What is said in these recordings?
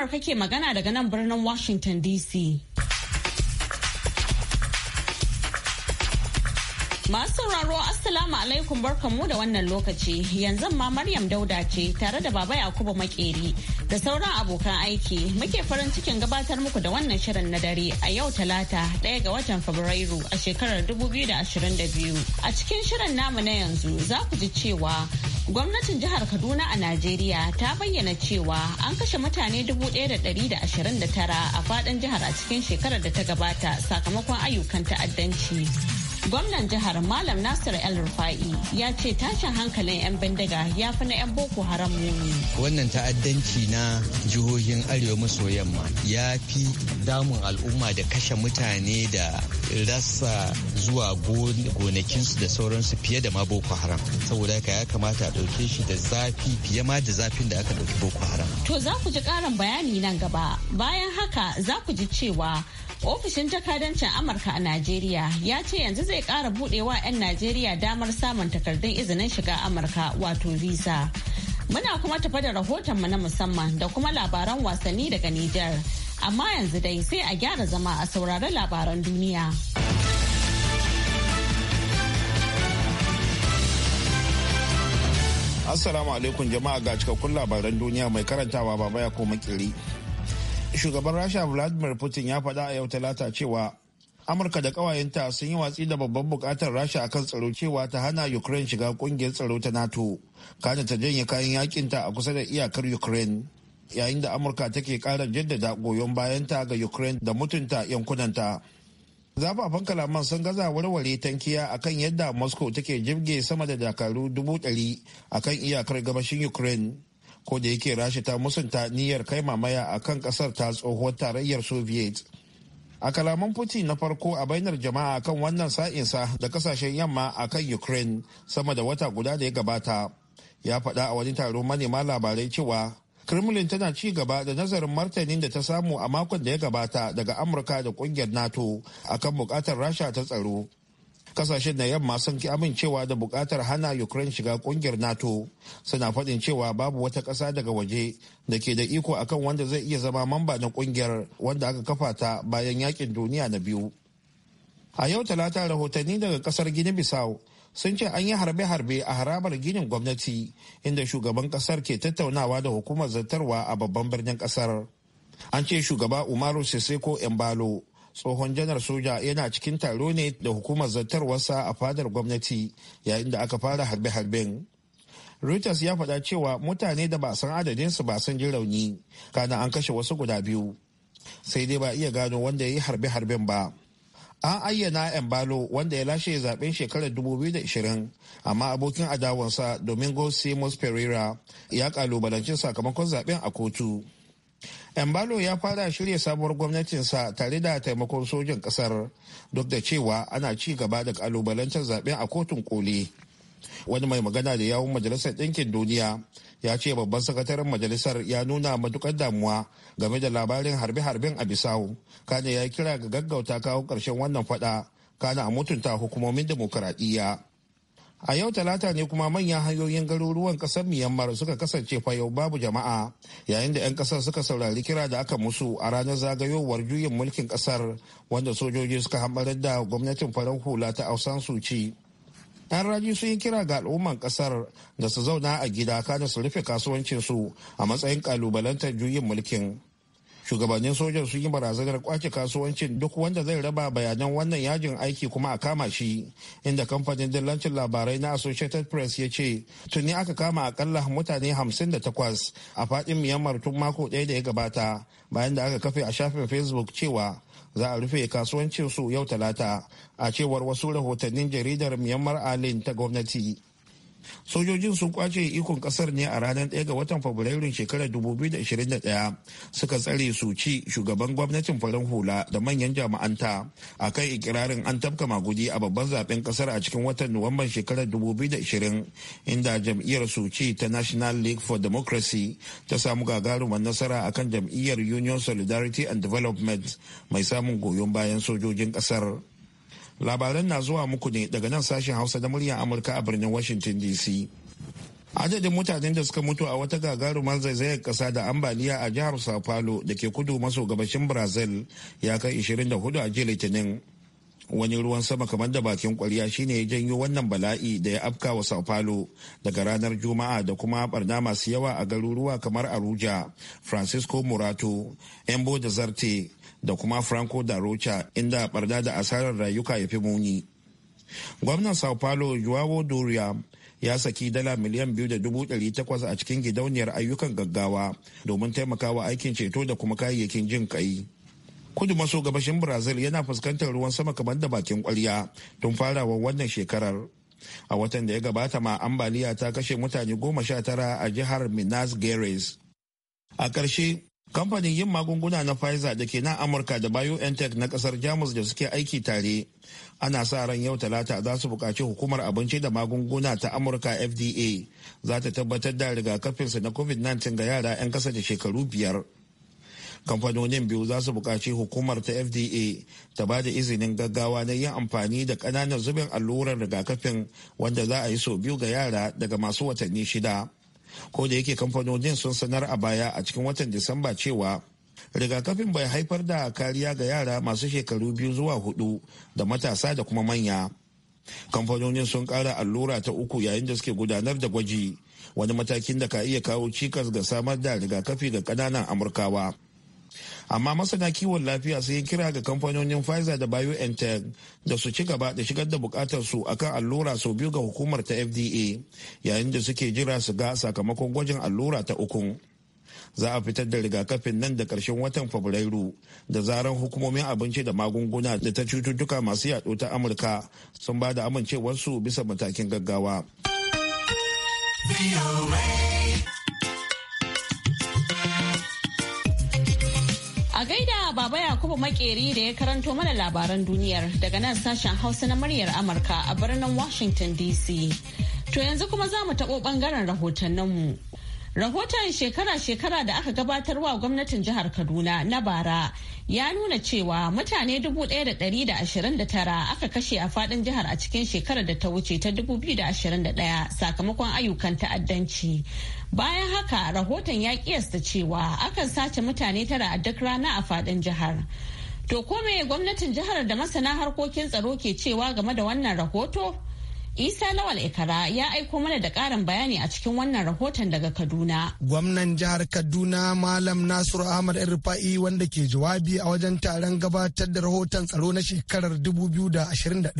Amurka ke magana daga nan birnin Washington DC. Masu sauraro Assalamu alaikum barkanmu da wannan lokaci yanzu ma Maryam Dauda ce tare da Baba Yakubu Makeri da sauran abokan aiki muke farin cikin gabatar muku da wannan shirin na dare a yau talata ɗaya ga watan Fabrairu a shekarar 2022. A cikin shirin namu na yanzu za ku ji cewa gwamnatin jihar Kaduna a Najeriya ta bayyana cewa an kashe mutane 1,129 a faɗin jihar a cikin shekarar da ta gabata sakamakon ayyukan ta'addanci. Gwamnan jihar Malam Nasir El Rufa'i ya ce tashin hankalin 'yan bindiga ya fi na 'yan Boko Haram muni. Wannan ta'addanci na jihohin Arewa maso yamma ya fi damun al'umma da kashe mutane da rasa zuwa gonakinsu da sauransu fiye da ma Boko Haram. Saboda haka ya kamata a ɗauke shi da zafi fiye ma da zafin da aka ɗauki Boko Haram. To za ku ji ƙarin bayani nan gaba. Bayan haka za ku ji cewa Ofishin jakadancin Amurka a Najeriya ya ce yanzu zai kara budewa 'yan Najeriya damar samun takardun izinin shiga Amurka wato visa. Muna kuma tafa da rahoton mu na musamman da kuma labaran wasanni daga Nijar. Amma yanzu dai sai a gyara zama a saurari labaran duniya. Assalamu alaikum jama'a ga cikakkun labaran duniya mai karantawa baba ya koma kiri. shugaban rasha vladimir putin ya faɗa a yau talata cewa amurka da ƙawayenta sun yi watsi da babban buƙatar rasha akan tsaro cewa ta hana ukraine shiga ƙungiyar tsaro ta nato kada ta janye kayan yakinta a kusa da iyakar ukraine yayin da amurka take ƙara jaddada goyon bayanta ga ukraine da mutunta yankunanta zafafan kalaman sun gaza warware tankiya akan yadda moscow take jirge sama da dakaru dubu ɗari akan iyakar gabashin ukraine ko da yake rasha ta musunta niyyar kai mamaya a kan kasar ta tsohuwar tarayyar soviet a kalaman putin na farko a bainar jama'a kan wannan sa'insa da kasashen yamma a kan ukraine sama da wata guda da ya gabata ya faɗa a wani taron manema labarai cewa kremlin tana ci gaba da nazarin martanin da ta samu a makon da ya gabata daga amurka da kungiyar nato akan bukatar rasha ta tsaro kasashen na yamma sun ki amincewa da bukatar hana ukraine shiga kungiyar nato suna faɗin cewa babu wata ƙasa daga waje da ke da iko akan wanda zai iya zama mamba na kungiyar wanda aka kafa ta bayan yakin duniya na biyu a yau talata rahotanni daga kasar gini bisau sun ce an yi harbe-harbe a harabar ginin gwamnati inda shugaban kasar ke tattaunawa da hukumar zartarwa a babban birnin kasar an ce shugaba umaru siseko embalo tsohon janar soja yana cikin taro ne da hukumar zartarwarsa a fadar gwamnati yayin da aka fara harbe-harben reuters ya faɗa cewa mutane da ba san adadinsu ba san ji rauni kana an kashe wasu guda biyu sai dai ba iya gano wanda ya yi harbe-harben ba an ayyana balo wanda ya lashe zaben shekarar biyu da 2020 amma abokin adawansa domingo simos pereira ya kalubalancin sakamakon zaben a kotu embalo ya fara shirya sabuwar gwamnatinsa tare da taimakon sojin kasar duk da cewa ana ci gaba da kalubalantar zaben a kotun koli wani mai magana da yawun majalisar ɗinkin duniya ya ce babban sakataren majalisar ya nuna matukar damuwa game da labarin harbe-harben a bisau kane ya kira ga gaggauta kawo ƙarshen wannan fada kana a mutunta hukumomin dimokuraɗiyya a yau talata ne kuma manyan hanyoyin garuruwan kasar myanmar suka kasance fayau babu jama'a yayin da 'yan kasar suka saurari kira da aka musu a ranar zagayowar juyin mulkin kasar wanda sojoji suka hambarar da gwamnatin farar hula ta ausan suci yan raji sun yi kira ga al'umman kasar da su zauna a gida kada su rufe kasuwancinsu a matsayin kalubalantar juyin mulkin shugabannin sojan sun yi barazanar kwace kasuwancin duk wanda zai raba bayanan wannan yajin aiki kuma a kama shi inda kamfanin dillancin labarai na associated press ya ce tuni aka kama akalla mutane 58 a fadin myanmar tun mako ɗaya da ya gabata bayan da aka kafe a shafin facebook cewa za a rufe kasuwancin su yau talata a cewar wasu rahotannin jaridar myanmar alin ta gwamnati sojojin sun kwace ikon kasar ne a ranar 1 ga watan fabrairun shekarar 2021 suka tsare su shugaban gwamnatin farin hula da manyan jami'anta a kan ikirarin an tafka magudi a babban zaben kasar a cikin watan nuwamban shekarar 2020 inda jam'iyyar suci ta national league for democracy ta samu gagarumar nasara a kan jam'iyyar union solidarity and development mai samun goyon bayan sojojin kasar labaran na zuwa muku ne daga nan sashen hausa da muryar amurka a birnin washington dc adadin mutanen da suka mutu a wata gagarumar zaizayar kasa da ambaliya a jihar sao paulo da ke kudu maso gabashin brazil ya kai 24 a jiya litinin wani ruwan sama kamar da bakin kwarya shine ya janyo wannan bala'i da ya afka wa sao paulo daga ranar juma'a da kuma barna masu yawa a garuruwa kamar aruja francisco murato embo da zarte da kuma franco da rocha inda barda da asarar rayuka ya fi muni gwamnan sao paulo joao doria ya saki dala miliyan biyu da dubu ɗari takwas a cikin gidauniyar ayyukan gaggawa domin taimakawa aikin ceto da kuma kayayyakin jin kai kudu maso gabashin brazil yana fuskantar ruwan sama kamar da bakin kwarya tun farawa wannan shekarar a watan da ya gabata ma ambaliya ta kashe mutane goma sha tara a jihar minas geres. a ƙarshe kamfanin yin magunguna na pfizer da ke nan amurka da biontech na kasar jamus da suke aiki tare ana sa ran yau talata za su buƙaci hukumar abinci da magunguna ta amurka fda za ta tabbatar da rigakafinsu na covid-19 ga yara 'yan kasa da shekaru biyar kamfanonin biyu za su buƙaci hukumar ta fda ta ba da izinin gaggawa na yin amfani da ƙananan zubin allurar rigakafin wanda za a yi sau biyu ga yara daga masu watanni shida ko da yake kamfanonin sun sanar a baya a cikin watan disamba cewa rigakafin bai haifar da kariya ga yara masu shekaru biyu zuwa hudu da matasa da kuma manya kamfanonin sun kara allura ta uku yayin da suke gudanar da gwaji wani matakin da ka iya kawo cikas ga samar da rigakafi ga ƙananan amurkawa amma masana kiwon lafiya sun yi kira ga kamfanonin pfizer da biontech da su ci gaba da shigar da bukatar su akan allura sau biyu ga hukumar ta fda yayin da suke jira su ga sakamakon gwajin allura ta uku za a fitar da rigakafin nan da karshen watan fabrairu da zaran hukumomin abinci da magunguna da ta cututtuka masu yaɗo ta amurka sun ba da amincewarsu bisa matakin gaggawa. Yakubu Makeri da ya karanto mana labaran duniyar daga nan sashen Hausa na muryar Amurka a birnin Washington DC. To yanzu kuma za mu taɓo ɓangaren rahotanninmu. mu. Rahoton shekara-shekara da aka gabatarwa gwamnatin jihar Kaduna na bara ya nuna cewa mutane 1,129 aka kashe a fadin jihar a cikin shekarar da ta wuce ta 2021 sakamakon ayyukan ta'addanci. Bayan haka rahoton ya kiyasta cewa akan sace mutane tara a duk rana a fadin jihar. To kome gwamnatin jihar da masana harkokin tsaro ke cewa game da wannan rahoto? Isa Lawal Ikara ya aiko mana da ƙarin bayani a cikin wannan rahoton daga Kaduna. Gwamnan jihar Kaduna Malam Nasiru Ahmad Rufa'i wanda ke jawabi a wajen taron gabatar da rahoton tsaro na shekarar 2021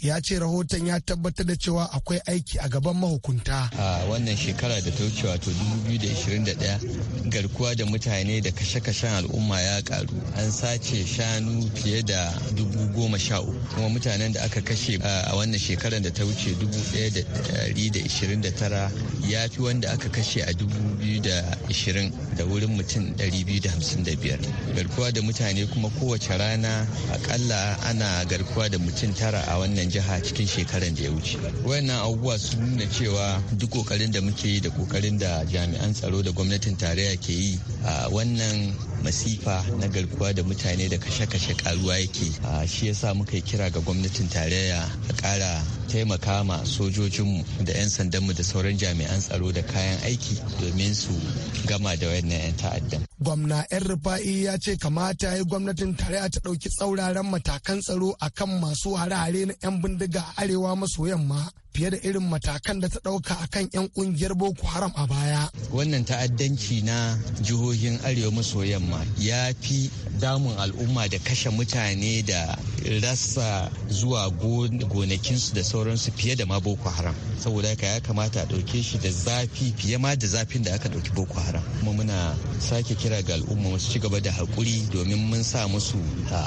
ya ce rahoton ya tabbatar da cewa akwai aiki a gaban mahukunta. A wannan shekara da ta wuce wato 2021 garkuwa da mutane da kashe-kashen al'umma ya karu an sace shanu fiye da dubu goma sha kuma mutanen da aka kashe a wannan shekarar da ta wuce dubu ɗaya da dari da ishirin da tara ya fi wanda aka kashe a dubu biyu da ishirin da wurin mutum dari biyu da hamsin da biyar garkuwa da mutane kuma kowace rana akalla ana garkuwa da mutum tara a wannan jiha cikin shekaran da ya wuce wayannan abubuwa sun nuna cewa duk kokarin da muke yi da kokarin da jami'an tsaro da gwamnatin tarayya ke yi a wannan masifa na garkuwa da mutane da kashe-kashe karuwa yake a shi yasa muka yi kira ga gwamnatin tarayya a kara taimaka ma sojojinmu da 'yan sandanmu da sauran jami'an tsaro da kayan aiki domin su gama da wayannan 'yan ta'addan gwamna yan rufa'i ya ce kamata ya gwamnatin tarayya ta ɗauki tsauraran matakan tsaro akan masu hare-hare na 'yan bindiga arewa maso yamma fiye da irin matakan da ta ɗauka a kan 'yan ƙungiyar boko haram a baya wannan ta'addanci na jihohin arewa maso yamma ya fi damun al'umma da kashe mutane da rasa zuwa gonakinsu da sauransu fiye da ma boko haram saboda haka ya kamata a ɗauke shi da zafi fiye ma da zafin da aka ɗauki boko haram kuma muna sake kira ga al'umma su ci gaba da haƙuri domin mun sa musu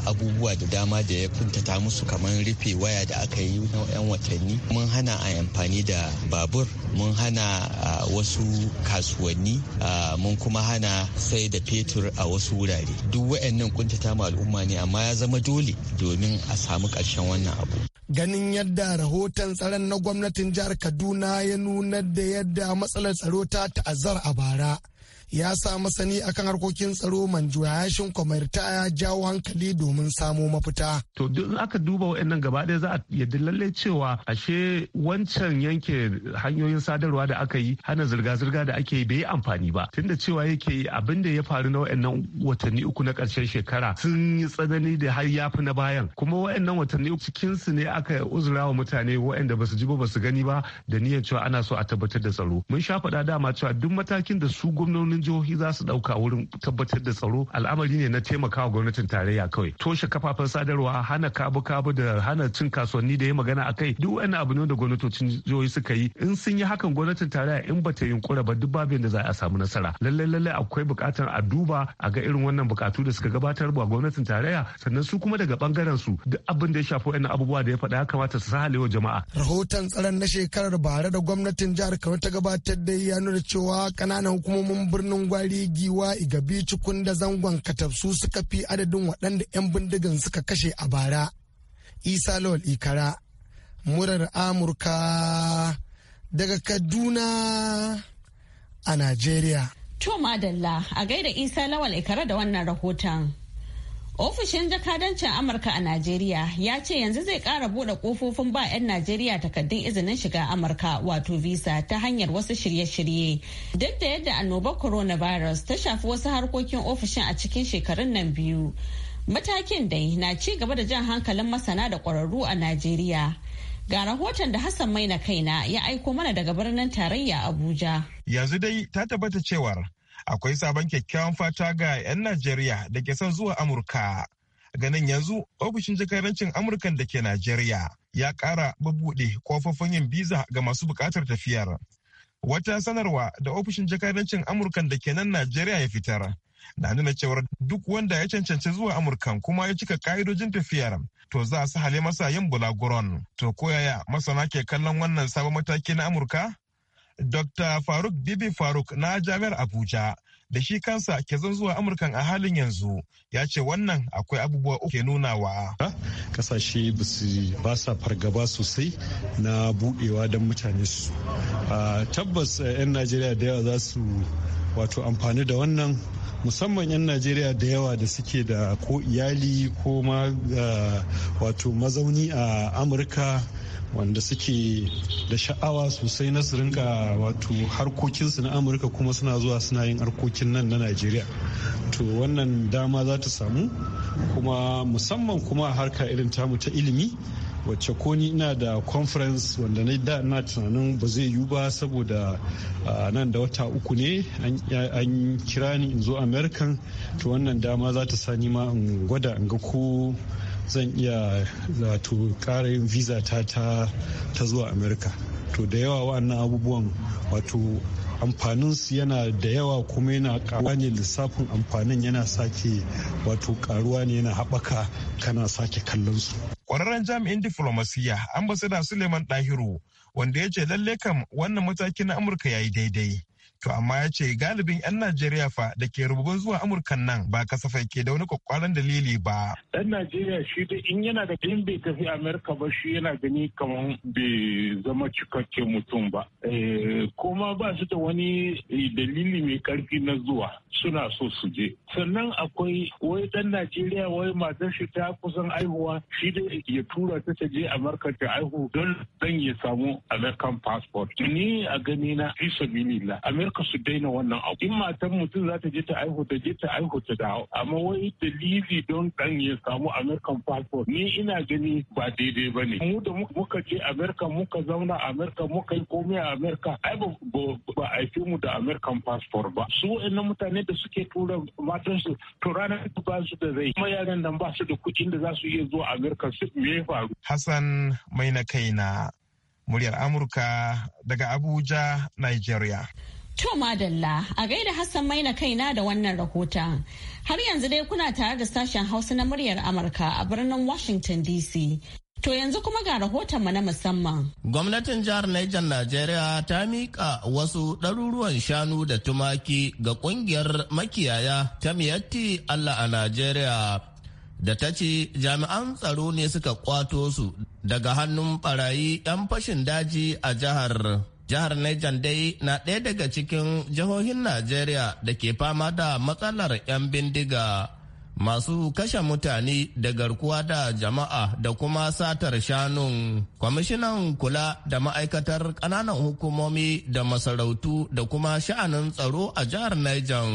abubuwa da dama da ya kuntata musu kamar rufe waya da aka yi na 'yan watanni mun hana hana a amfani da babur mun hana wasu kasuwanni mun kuma hana sai da fetur a wasu wurare duk waɗannan kuntata ma al'umma ne amma ya zama dole domin a samu ƙarshen wannan abu ganin yadda rahoton tsaron na gwamnatin jihar kaduna ya nuna da yadda matsalar tsaro ta ta'azzar a bara ya sa masani akan harkokin tsaro manjuyashin kwamarta ya jawo hankali domin samo mafita. To duk aka duba waɗannan gaba ɗaya za a yadda lallai cewa ashe wancan yanke hanyoyin sadarwa da aka yi hana zirga-zirga da ake yi bai yi amfani ba tunda cewa yake abin da ya faru na waɗannan watanni uku na ƙarshen shekara sun yi tsanani da har ya fi na bayan kuma waannan watanni cikin su ne aka uzura wa mutane waɗanda ba su ji ba ba su gani ba da niyyar cewa ana so a tabbatar da tsaro mun sha faɗa dama cewa duk matakin da su gwamnonin jihohi za su dauka wurin tabbatar da tsaro al'amari ne na taimakawa gwamnatin tarayya kawai toshe kafafen sadarwa hana kabu kabu da hana cin kasuwanni da ya magana akai duk wani abu ne da gwamnatocin jihohi suka yi in sun yi hakan gwamnatin tarayya in ba bata yunkura ba duk babin da za a samu nasara lallai lallai akwai bukatar a duba a ga irin wannan bukatu da suka gabatar ba gwamnatin tarayya sannan su kuma daga bangaren su duk abin da ya shafi wani abubuwa da ya faɗa ya kamata su wa jama'a rahoton tsaron na shekarar bare da gwamnatin jihar Kano ta gabatar da ya nuna cewa kananan hukumomin birnin birnin gwari giwa igabi cikun da zangon katafsu suka fi adadin waɗanda 'yan bindigan suka kashe a bara isa lawal ikara murar amurka daga kaduna a najeriya to madalla a gaida isa lawal ikara da wannan rahoton Ofishin jakadancin Amurka a Najeriya ya ce yanzu zai ƙara buɗe kofofin ba 'yan Najeriya takardun izinin shiga Amurka wato visa ta hanyar wasu shirye-shirye. Duk da yadda annobar coronavirus ta shafi wasu harkokin ofishin a cikin shekarun nan biyu. Matakin dai na ci gaba da jan hankalin masana da kwararru a Najeriya. Ga rahoton da Hassan mai Maina kaina ya aiko mana daga birnin tarayya Abuja. Yanzu dai ta tabbata cewar akwai sabon kyakkyawan fata ga 'yan Najeriya da ke son zuwa Amurka. Ganin yanzu ofishin jikarancin Amurkan da ke Najeriya ya ƙara babuɗe kofofin yin biza ga masu buƙatar tafiyar. Wata sanarwa da ofishin jikarancin Amurkan da ke nan Najeriya ya fitar. Na nuna cewar duk wanda ya cancanci zuwa Amurkan kuma ya cika ƙa'idojin tafiyar to za su hale masa yin bulaguron. To koyaya masana ke kallon wannan sabon mataki na Amurka? Dr. Faruk Bibi Faruk na Jami'ar Abuja da shi kansa ke zan zuwa Amurkan a halin yanzu ya ce wannan akwai abubuwa uke nunawa. Kasashe ba sa fargaba sosai na budewa don mutane su. Tabbas eh, 'yan Najeriya da yawa za su wato amfani da wannan musamman 'yan najeriya da yawa da suke da ko iyali ko ma eh, wato mazauni a amurka wanda suke da sha'awa sosai na su rinka wato harkokinsu na amurka kuma suna zuwa suna yin harkokin nan na najeriya to wannan dama za ta samu kuma musamman kuma harka irin tamu ta ilimi wacce ko ni ina da conference wanda na da na tunanin ba zai yiwu ba saboda nan da wata uku ne an kira ni in zo american to wannan dama za ta sani ma in gwada in ga ko zan iya zato ƙara yin visa ta ta zuwa amerika to da yawa wa'annan abubuwan wato amfaninsu yana da yawa kuma yana karuwa ne lissafin amfanin yana sake wato karuwa ne yana haɓaka kana sake kallon su. Kwararren jami'in diflomasiyya ambasada Suleiman Dahiru wanda ya ce lalle kam wannan mataki na Amurka ya yi daidai. To amma ya ce galibin 'yan Najeriya fa da ke rubugun zuwa Amurkan nan ba kasafai ke da wani kwakwaran dalili ba. Ɗan Najeriya shi da in yana da in bai tafi Amurka ba shi yana gani kamar bai zama cikakken mutum ba. Eh, kuma ba su da wani eh, dalili mai karfi na zuwa suna so su je. Sannan akwai wai dan Najeriya wai matar shi ta kusan aihuwa shi da ya tura ta ta je Amurka ta aihu don zan ya samu American passport. Ni a gani na fi sabilillah. suka su daina wannan abu in matan mutum za ta je ta aihu ta je ta aihu ta dawo amma wai dalili don dan ya samu american passport ni ina gani ba daidai ba ne mu da muka je america muka zauna america muka yi komai a america ai ba fi mu da american passport ba su na mutane da suke tura matan su to ranar ba su da zai kuma yaran nan ba su da kuɗin da za su iya zuwa america su me faru hassan mai na kaina muryar amurka daga abuja nigeria To madalla a gaida Hassan maina kaina da wannan rahota Har yanzu dai kuna tare da sashen Hausa na muryar Amurka a birnin Washington DC. To yanzu kuma ga rahoton rahotonmu na musamman. Gwamnatin jihar Niger Najeriya ta miƙa wasu ɗaruruwan shanu da tumaki ga ƙungiyar makiyaya ta miyatti Allah a Najeriya. Da ta ce jami'an tsaro ne suka kwato su daga hannun barayi 'yan fashin daji a jihar. Jihar Niger dai na ɗaya daga cikin jihohin Najeriya da ke fama da matsalar 'yan bindiga masu kashe mutane da garkuwa da jama'a da kuma satar shanun. Kwamishinan kula da ma'aikatar ƙananan hukumomi da masarautu da kuma sha'anin tsaro a jihar Niger,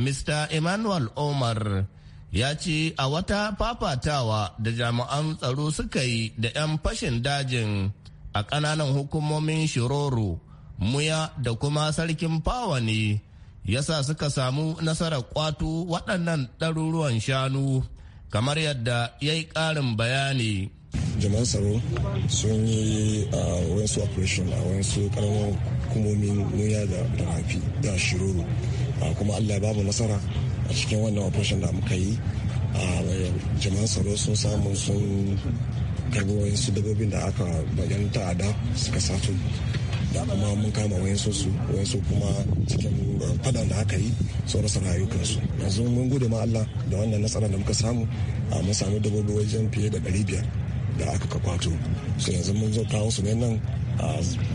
Mr. Emmanuel Omar. ya ce a wata fafatawa da jami'an tsaro suka yi da 'yan fashin dajin a ƙananan hukumomin shiroro muya da kuma sarkin fawa ne yasa suka samu nasarar kwato waɗannan ɗaruruwan shanu kamar yadda ya yi ƙarin bayani jama'an tsaro sun yi a wasu operation a wasu ƙaramin hukumomin muya da rafi da shiroro kuma allah babu nasara a cikin wannan operation da muka yi jama'an tsaro sun samu sun karbi wayansu dabbobin da aka bayan ta'ada suka sato da kuma mun kama wayansu su wayansu kuma cikin uh, fadan da aka yi sun rasa rayukansu yanzu mun gode ma Allah da wannan nasara da muka samu a mun samu dabbobi wajen fiye da 500 da aka kwato su yanzu mun zo kawo su ne nan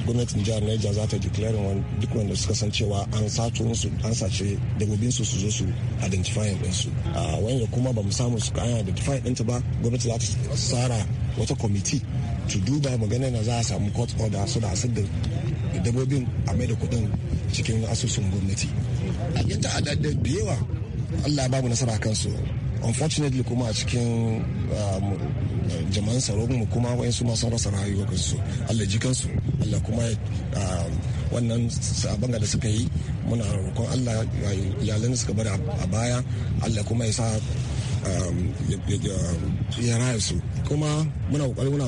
gwamnatin jihar Niger za ta wani duk wanda suka san cewa an sato musu an sace dabbobin su su zo su identify din su wanda kuma ba mu samu su an identify din ta ba gwamnati za ta tsara wata committee to duba magana na za a samu court order so da a da dabbobin a mai da kudin cikin asusun gwamnati yan ta'adda da yawa Allah babu nasara kansu unfortunately kuma a cikin um, jama'an tsaro mu kuma su masu rasa rayuwarsu allah jikansu allah kuma um, wannan sabon da suka yi muna roƙon allah iyalan suka bari a baya allah kuma ya sa Um, ya raya su kuma muna kokari muna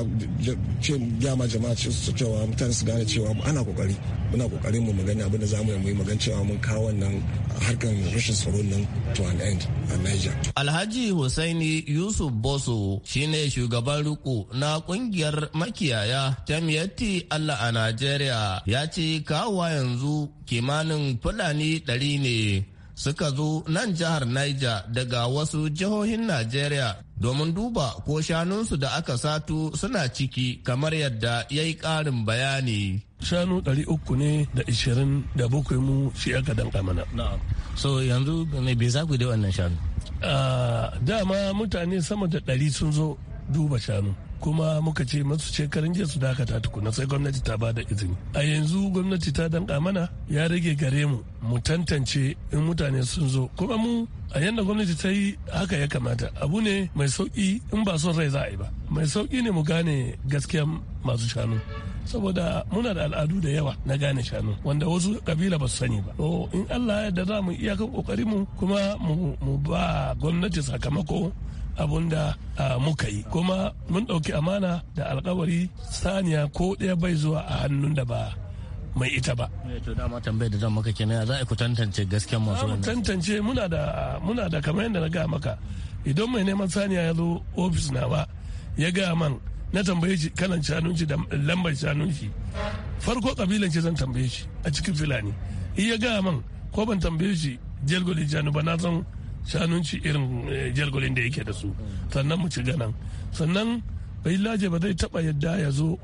ce gyama jama'a su cewa mutane su gane cewa ana kokari muna kokari mu magani abin da zamu yi magan cewa mun kawo wannan harkan rashin tsaro nan to an end a Niger. Alhaji Hussaini Yusuf Boso shine shugaban riko na kungiyar makiyaya ta Miyatti Allah a nigeria ya ce kawowa yanzu kimanin Fulani ɗari ne suka zo nan jihar Niger daga wasu jihohin Najeriya domin duba ko shanunsu da aka sato suna ciki kamar yadda ya yi ƙarin bayani. shanu ɗari uku ne da ishirin da bakwai mu shi aka danka mana. so yanzu bai za ku da wannan shanu? Ah, dama mutane sama da ɗari sun zo duba shanu kuma muka ce masu shekarun jiya su dakata tukuna sai gwamnati ta ba da izini a yanzu gwamnati ta danka mana ya rage gare mu mu tantance in mutane sun zo kuma mu a yadda gwamnati ta yi haka ya kamata abu ne mai sauki in ba son rai za a yi ba mai sauki ne mu gane gaskiya masu shanu saboda muna da al'adu da yawa na gane shanu wanda wasu kabila ba su sani ba to in allah ya da za mu iyakan kokari mu kuma mu ba gwamnati sakamako abun da muka yi kuma mun ɗauki amana da alkawari saniya ko ɗaya bai zuwa a hannun da ba mai ita ba. Eh, to dama tambayar da zan maka kenan za a ku tantance gasken masu wannan. tantance muna da muna da kamar yadda na gaya maka idan mai neman saniya ya zo ofis na ba ya ga man na tambaye shi kanan canunci da lambar canunci. farko kabilan ce zan tambaye shi a cikin filani in ya ga man ko ban tambaye shi jelgoli janu ba na san shanunci irin eh, jargolin da yake da su sannan mu ci ganan sannan bai laje ba zai taba yadda ya zo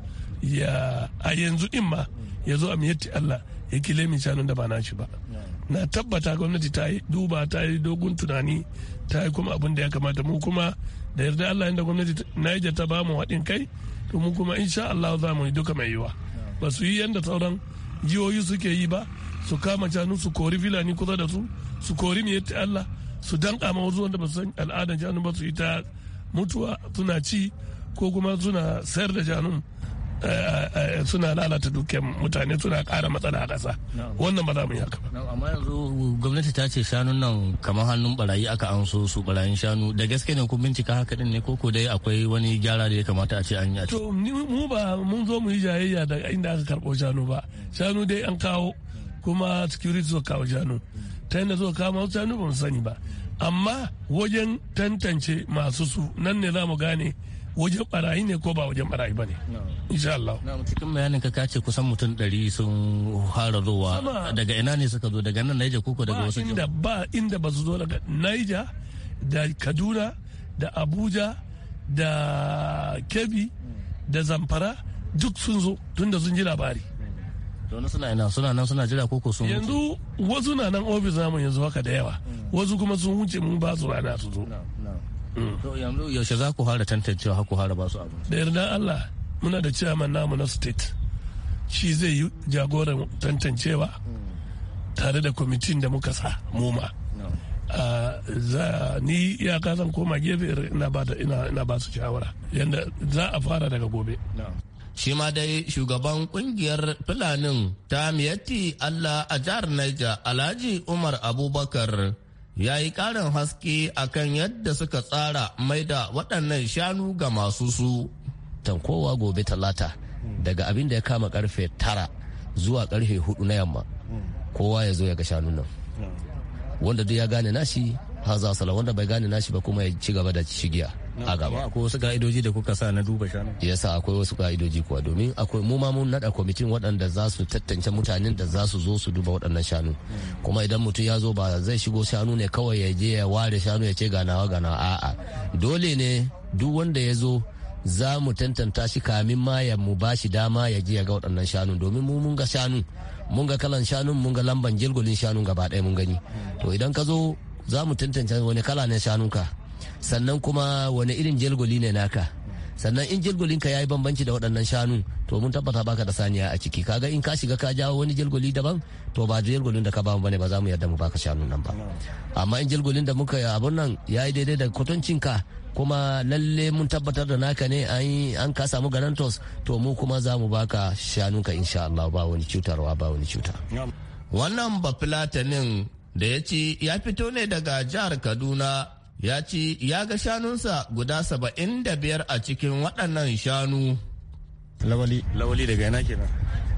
a yanzu in ma ya zo a miyatti Allah ya kile min shanun da ba na shi ba na tabbata gwamnati ta yi duba ta yi dogon tunani ta yi kuma abin da ya kamata mu kuma da yarda Allah inda gwamnati Niger ta ba mu haɗin kai to mu kuma insha Allah za mu yi duka mai yiwa ba su yi yanda sauran jihohi suke yi ba su kama shanu su kori filani kusa da su su kori miyatti Allah su danka kama wasu wanda ba san al'adar janun ba su yi ta mutuwa suna ci ko kuma suna sayar da janun eh, eh, suna lalata dukiyar mutane suna kara matsala a ƙasa wannan ba za mu yi haka amma yanzu gwamnati ta ce shanun nan kamar hannun barayi aka an so su barayin shanu da gaske ne kun bincika haka din ne koko dai akwai wani gyara da ya kamata a ce an yi. to mu ba mun zo mu yi jayayya da inda aka karɓo shanu ba shanu dai an kawo kuma security suka kawo shanu ta yadda zo kawo masu shanu ba sani ba amma wajen tantance masu su nan ne za mu gane wajen barayi ne ko ba wajen barayi ba ne. Insha Allah. Na cikin bayanin ka kace kusan mutum ɗari sun fara daga ina ne suka zo daga nan Naija koko daga wasu inda ba inda ba su zo daga Naija da Kaduna da Abuja da Kebbi da Zamfara duk sun zo tunda sun ji labari. don suna ina suna nan suna jira koko sun yanzu wasu na nan ofis namu yanzu haka da yawa mm. wasu kuma sun wuce mun ba su rana su zo mm. yanzu yaushe za ku fara tantancewa haku fara ba su abu da yarda Allah muna da chairman namu na state shi zai yi jagoran tantancewa mm. tare da kwamitin da muka sa muma za ni iyaka kasan koma gefe ina ba su shawara yadda za a fara daga gobe shi ma dai shugaban kungiyar fulanin ta miyatti allah a jihar niger alhaji umar abubakar ya yi ƙarin haske akan yadda suka tsara maida waɗannan shanu ga masu su tankowa gobe talata daga abin da ya kama karfe tara zuwa karfe hudu na yamma kowa ya zo ya ga shanu nan wanda duk ya gane nashi haza wanda bai gane nashi ba kuma ya ci gaba da shigiya a gaba akwai wasu ka'idoji da kuka sa na duba shanu yasa akwai wasu ka'idoji kuwa domin akwai mu ma mun nada kwamitin waɗanda za su tantance mutanen da za su zo su duba waɗannan shanu hmm. kuma idan mutum ya zo ba zai shigo shanu ne kawai ya je ya ware shanu ya ce ganawa ganawa a'a dole ne duk wanda ya zo za mu tantanta shi kamin ma ya mu ba dama ya je ya ga waɗannan shanu domin mu mun ga shanu mun ga kalan shanun mun ga lamban jirgulin shanun gaba ɗaya mun gani hmm. to idan ka zo za mu tantance wani kala ne shanunka sannan kuma wani irin jelgoli ne naka sannan in jelgolinka ya yi bambanci da waɗannan shanu to mun tabbata baka da saniya a ciki kaga in ka shiga ka jawo wani jelgoli daban to ba jelgolin da ka mu bane ba za mu yarda mu baka shanu nan ba amma in jelgolin da muka yi abun nan ya yi daidai da kwatoncinka kuma lalle mun tabbatar da naka ne an ka samu garantos to mu kuma za mu baka shanunka insha Allah ba wani cutarwa ba wani cuta wannan filatanin da ya ci ya fito ne daga jihar Kaduna ya ce ya ga shanunsa guda saba'in da biyar a cikin waɗannan shanu. Lawali. Lawali daga yana kenan.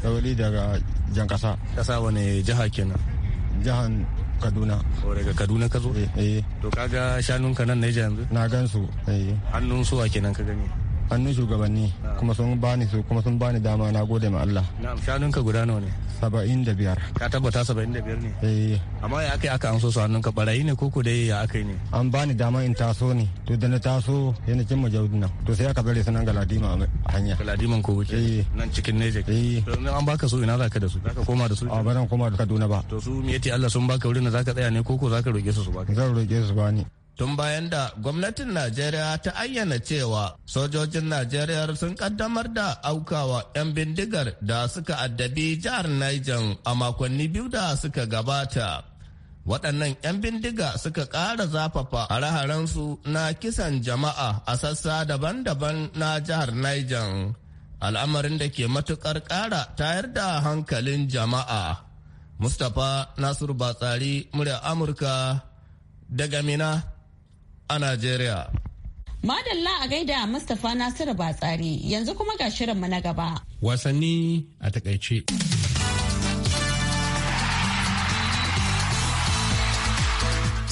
Lawali daga jan kasa. Kasa wani jiha kenan. Jihan Kaduna. O daga Kaduna ka zo? Eh. eh. To kaga shanun ka nan na yanzu? Na gan su. Eh. Hannun suwa kenan ka gani. hannun shugabanni kuma sun bani su kuma sun bani dama na gode ma Allah. Na'am shanunka guda nawa ne? Saba'in da biyar. Ka tabbata saba'in da biyar ne? Eh. Amma ya aka aka an so su hannunka barayi ne koko dai ya aka yi ne? An bani dama in taso ne to da na taso ya na cimma jaudina to sai aka bare su nan galadima a hanya. Galadiman ko wuce? Eh. Nan cikin Neja? Eh. Domin an baka so ina za ka da su? Za ka koma da su? A ba zan koma da Kaduna ba. To su me yace Allah sun baka wurin da za ka tsaya ne koko za ka roƙe su su baka? Zan roƙe su bani. tun bayan da gwamnatin Najeriya ta ayyana cewa sojojin Najeriya sun kaddamar da aukawa 'yan bindigar da suka addabi jihar Niger a makonni biyu da suka gabata. Waɗannan 'yan bindiga suka ƙara zafafa hare-harensu na kisan jama'a a sassa daban-daban na jihar Niger. Al'amarin da ke matuƙar ƙara tayar da hankalin jama'a. Mustapha Nasiru Batsari, murya Amurka, daga Mina a Najeriya. Madalla a gaida Mustapha Nasiru Batsari yanzu kuma ga shirin mu na gaba. Wasanni a takaice.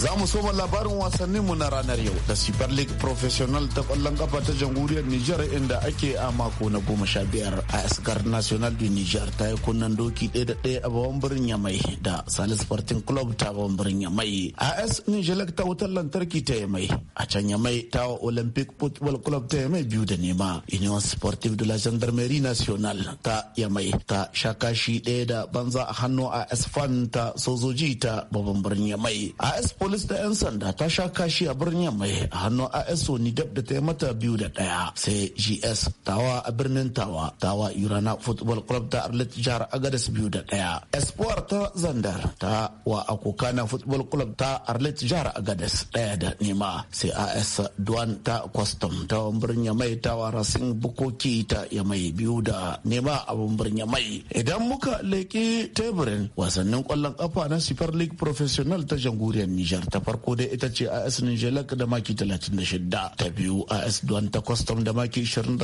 Za mu soma labarin wasannin mu na ranar yau da Super League Professional ta kwallon kafa ta jamhuriyar Nijar inda ake a mako na goma sha biyar a Asgar National de Nijar ta yi kunnan doki ɗaya da ɗaya a babban birnin Yamai da Salis Sporting Club ta babban birnin Yamai. AS Nijalak ta wutar lantarki ta Yamai a can Yamai ta wa Olympic Football Club ta Yamai biyu da nema. Union Sportive de la Gendarmerie national ta Yamai ta sha kashi ɗaya da banza a hannu a fan ta sojoji ta babban birnin Yamai. AS polis da 'yan sanda ta sha kashi a birnin mai a hannun aso ni da ta yi mata biyu da ɗaya sai gs tawa a birnin tawa tawa urana football club ta arlet jihar agadas biyu da ɗaya espoir ta zandar ta wa akokana football club ta arlet jihar agadas ɗaya da nema sai as Duan ta custom ta birnin mai tawa rasin bukoki ta yamai biyu da nema a birnin mai idan muka leƙi teburin wasannin ƙwallon ƙafa na super league professional ta jamhuriyar nijar biyar ta farko dai ita ce as nijelak da maki 36 ta biyu as duwan ta Custom da maki 28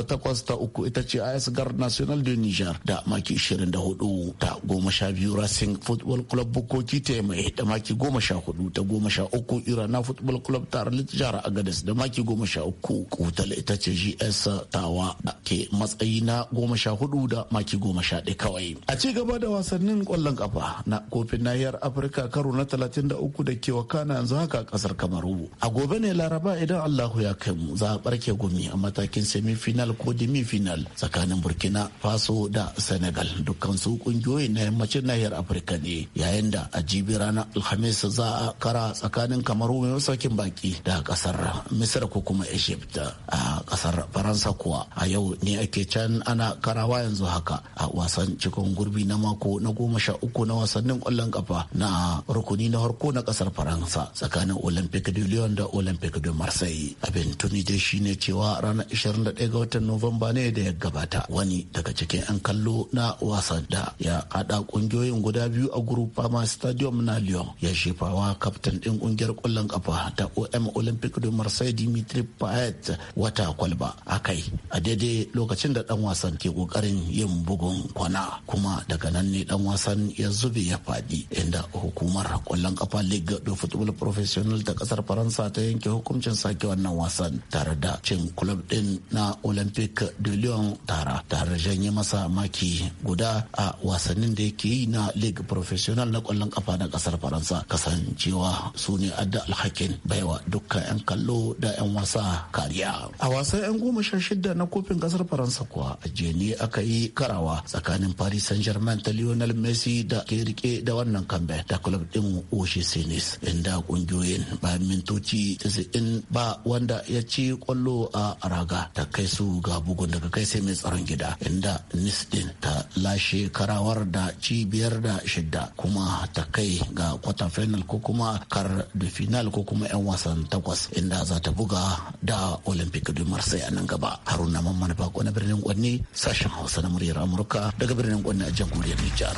ta uku ita ce as gar national de niger da maki 24 ta goma sha biyu racing football club bukoki ta mai da maki goma sha hudu ta goma sha uku irana football club ta arlit Jara agadas da maki goma sha uku kutal ita ce gs tawa da ke matsayi na goma sha hudu da maki goma sha ɗaya kawai a ci gaba da wasannin kwallon kafa na kofin nahiyar afirka karo na 33 da ke wakana ana yanzu haka a kasar kamaru a gobe ne laraba idan allahu ya kai mu za a barke gumi a matakin final ko demi-final tsakanin burkina faso da senegal dukkansu kungiyoyi na yammacin nahiyar afirka ne yayin da a jibi ranar alhamis za a kara tsakanin kamaru mai masaukin baki da kasar misir ko kuma egypt a kasar faransa kuwa a yau ne ake can ana karawa yanzu haka a wasan cikin gurbi na mako na goma sha uku na wasannin kwallon kafa na rukuni na harko na kasar faransa wasa tsakanin olympic de lyon da olympic de marseille abin tuni dai shine cewa ranar 21 ga watan novemba ne da ya gabata wani daga cikin 'yan kallo na wasan da ya hada kungiyoyin guda biyu a gurupama stadium na lyon ya shefawa kaftan din kungiyar kwallon kafa ta om olympic de marseille dimitri payet wata kwalba akai a daidai lokacin da dan wasan ke kokarin yin bugun kwana kuma daga nan ne dan wasan ya zube ya fadi inda hukumar kwallon kafa league do table professional ta kasar faransa ta yanke hukuncin sake wannan wasan tare da cin club din na olympic de lyon tara tare da janye masa maki guda a wasannin da yake yi na league professional na kwallon kafa na kasar faransa kasancewa su ne adda alhakin baiwa dukkan 'yan kallo da 'yan wasa kariya a wasan 'yan goma sha shida na kofin kasar faransa kuwa a jeni aka yi karawa tsakanin paris saint germain ta lionel messi da ke rike da wannan kambe da club din oshe senis inda kungiyoyin bayan mintoci 90 ba wanda ya ci kwallo a raga ta kai su ga bugun daga kai sai mai tsaron gida inda nis din ta lashe karawar da cibiyar da shidda kuma ta kai ga kwata final ko kuma kar da final ko kuma 'yan wasan takwas inda za ta buga da olympic du marseille a nan gaba haruna mamman bako na birnin kwanne sashen hausa na muryar amurka daga birnin kwanne a jamhuriyar nijar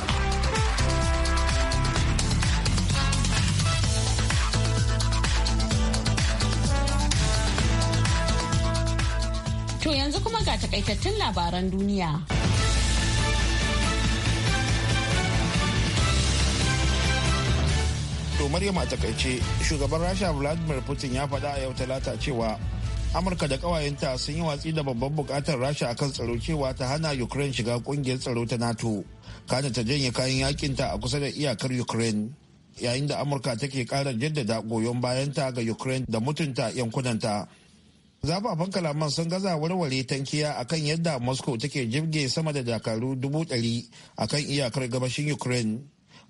takaitattun labaran duniya. To Maryam a takaice shugaban Rasha Vladimir Putin ya faɗa a yau talata cewa Amurka da ƙawayenta sun yi watsi da babban buƙatar Rasha a kan tsaro cewa ta hana Ukraine shiga ƙungiyar tsaro ta NATO. Kana ta janye kayan yakinta a kusa da iyakar Ukraine. Yayin da Amurka take ƙara jaddada goyon bayanta ga Ukraine da mutunta yankunanta. zafafan kalaman sun gaza warware tankiya akan yadda Moscow take jirge sama da dakaru dubu ɗari akan iyakar gabashin Ukraine.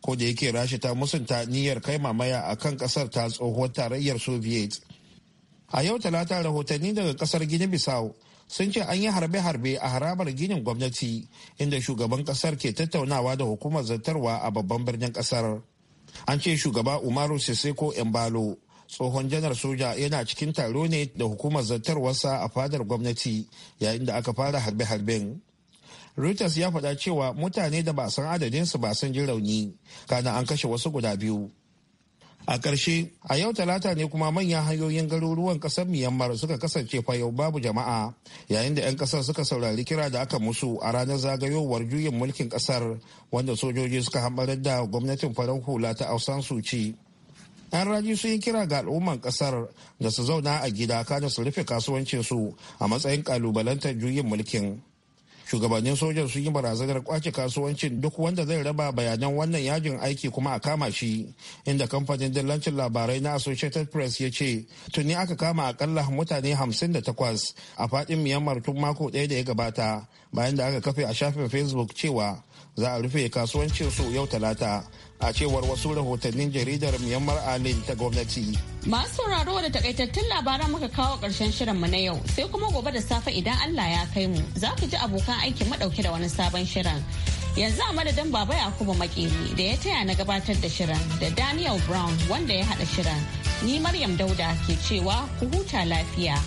Ko da yake Rasha ta musunta niyyar kai mamaya kan kasar ta tsohuwar tarayyar Soviet. A yau talata rahotanni daga kasar gini bisau sun ce an yi harbe-harbe a harabar ginin gwamnati inda shugaban kasar ke tattaunawa da hukumar zartarwa a babban birnin kasar An ce shugaba Umaru Siseko Embalo tsohon janar soja yana cikin taro ne da hukumar zartarwarsa a fadar gwamnati yayin da aka fara harbe-harben reuters ya faɗa cewa mutane da ba san adadinsu ba san ji rauni kana an kashe wasu guda biyu a ƙarshe a yau talata ne kuma manyan hanyoyin garuruwan ƙasar myanmar suka kasance fayau babu jama'a yayin da 'yan ƙasar suka saurari kira da aka musu a ranar zagayowar juyin mulkin ƙasar wanda sojoji suka hamarar da gwamnatin farar hula ta ausan suci 'yan raji sun yi kira ga al'umman kasar da su zauna a gida kada su rufe kasuwancin su a matsayin kalubalantar juyin mulkin shugabannin sojan sun yi barazanar kwace kasuwancin duk wanda zai raba bayanan wannan yajin aiki kuma a kama shi inda kamfanin dillancin labarai na associated press ya ce tuni aka kama akalla mutane 58 a fadin myanmar tun mako ɗaya da ya gabata bayan da aka kafe a shafin facebook cewa za a rufe kasuwancin su yau talata a cewar wasu rahotannin jaridar Myanmar ali ta gwamnati. Masu sauraro da takaitattun labaran muka kawo karshen mu na yau sai kuma gobe da safe idan Allah ya kai mu za ku ji abokan aikin madauke da wani sabon shirin. Yanzu a madadin Baba Yakubu Makeri da ya taya na gabatar da shirin da Daniel Brown wanda ya haɗa shirin. Ni Maryam Dauda ke cewa ku huta lafiya.